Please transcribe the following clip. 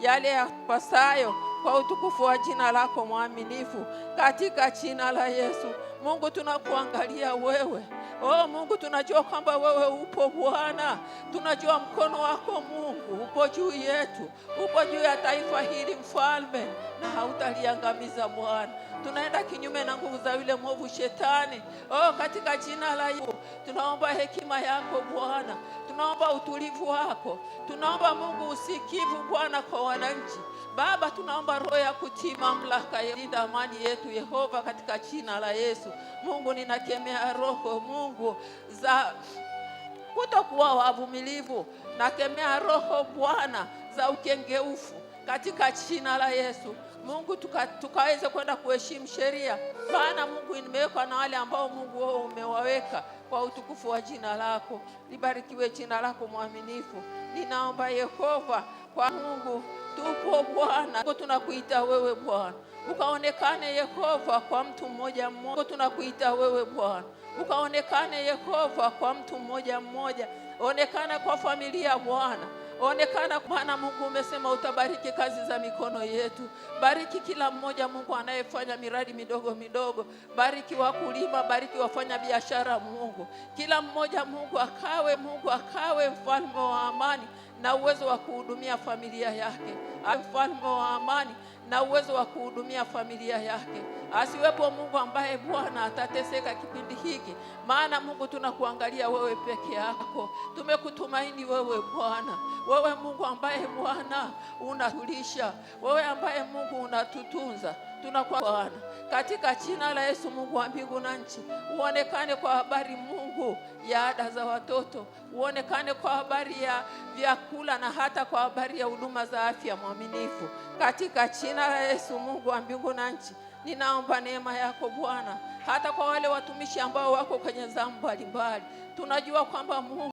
e ali passaio kwa utukufu wa jina lako mwaminifu, katika jina la Yesu. Mungu tunakuangalia wewe, oh Mungu, tunajua kwamba wewe upo Bwana, tunajua mkono wako Mungu upo juu yetu, upo juu ya taifa hili mfalme, na hautaliangamiza Bwana. Tunaenda kinyume na nguvu za yule mwovu shetani, oh katika jina la Yesu. Tunaomba hekima yako Bwana, tunaomba utulivu wako, tunaomba Mungu usikivu Bwana kwa wananchi Baba, tunaomba Tunaomba roho ya kutii mamlaka yalinda amani yetu Yehova, katika jina la Yesu. Mungu, ninakemea roho Mungu za kutokuwa wavumilivu, nakemea roho Bwana za ukengeufu katika jina la Yesu. Mungu tuka, tukaweze kwenda kuheshimu sheria, maana Mungu imewekwa na wale ambao Mungu wao umewaweka kwa utukufu wa jina lako. Libarikiwe jina lako mwaminifu. Ninaomba Yehova kwa Mungu tupo Bwana, tunakuita wewe Bwana, ukaonekane Yehova kwa mtu mmoja mmoja. Tunakuita wewe Bwana, ukaonekane Yehova kwa mtu mmoja mmoja, onekana kwa familia Bwana Onekana Bwana Mungu, umesema utabariki kazi za mikono yetu. Bariki kila mmoja Mungu anayefanya miradi midogo midogo, bariki wakulima, bariki wafanya biashara Mungu, kila mmoja Mungu akawe Mungu akawe mfalme wa amani na uwezo wa kuhudumia familia yake, mfalme wa amani na uwezo wa kuhudumia familia yake. Asiwepo Mungu ambaye Bwana atateseka kipindi hiki, maana Mungu tunakuangalia wewe peke yako, tumekutumaini wewe Bwana, wewe Mungu ambaye Bwana unatulisha, wewe ambaye Mungu unatutunza tunakuwa Bwana katika jina la Yesu, Mungu wa mbingu na nchi, uonekane kwa habari Mungu ya ada za watoto, uonekane kwa habari ya vyakula na hata kwa habari ya huduma za afya mwaminifu, katika jina la Yesu, Mungu wa mbingu na nchi, ninaomba neema yako Bwana, hata kwa wale watumishi ambao wako kwenye zamu mbalimbali, tunajua kwamba Mungu